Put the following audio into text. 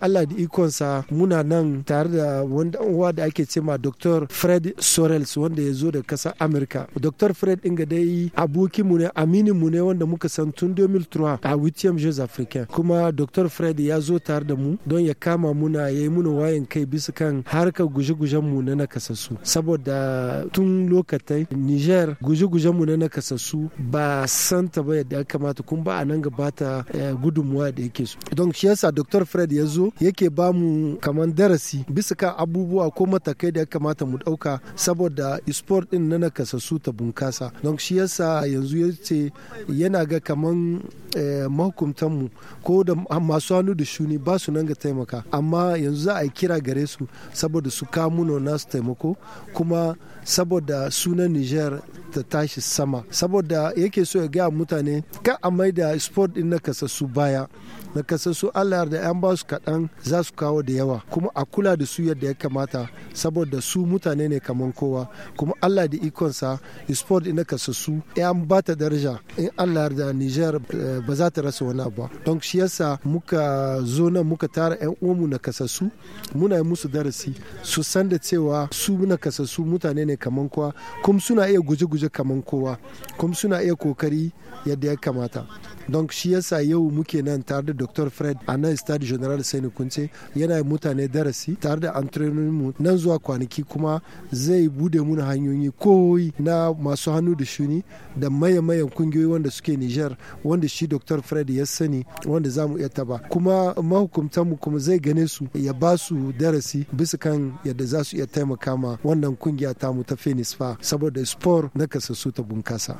Allah da ikonsa muna nan tare da wanda uwa da ake cema Dr. Fred Sorels wanda ya zo da kasar amerika Dr. Fred inga dai abokin mu ne aminin mu ne wanda muka san tun 2003 a Witiam Jeux Africain. Kuma Dr. Fred ya zo tare da mu don ya kama muna ya yi muna wayan kai bisa kan harkar guje-gujen mu na nakasassu. Saboda tun lokacin Niger guje-gujen mu na nakasassu ba santa ba yadda ya kamata kuma ba a nan gabata eh, gudunmuwa da yake su. Don shi yasa Dr. Fred ya zo yake ba mu kamar darasi bisa kan abubuwa ko matakai da ya kamata mu ɗauka saboda sport ɗin na nakasassu ta bunkasa don shi yasa yanzu ya ce yana ga kaman eh, mu. ko da masu hannu da shuni ba su nan ga taimaka amma yanzu za a yi kira gare su saboda su kamuno nasu taimako kuma saboda sunan niger ta tashi sama saboda yake so ya gaya mutane ka a maida sport ɗin na kasassu baya na kasassu allah da 'yan ba su kaɗan nan za su kawo da yawa kuma a kula da su yadda ya kamata saboda su mutane ne kamar kowa kuma allah da ikonsa sport ina kasassu yan ba ta daraja in allah da niger eh, ba za ta rasa wani ba don shi yasa muka zo nan muka tara yan uwanmu na kasassu muna yi musu darasi su san da cewa su na kasassu mutane ne kamar kowa kuma suna iya guje-guje kamar kowa kuma suna iya kokari yadda ya kamata donc shi yasa yau muke nan tare da dr fred a nan stade general sani kunce yana mutane darasi tare da antrenin mu nan zuwa kwanaki kuma zai bude muna hanyoyi koyi na masu hannu da shuni da maye-mayen kungiyoyi wanda suke niger wanda shi dr fred ya sani wanda za mu iya taba kuma mu kuma zai gane su ya ba su darasi bisa kan yadda za su iya taimaka ma wannan kungiya ta mu ta fa saboda sport na su ta bunkasa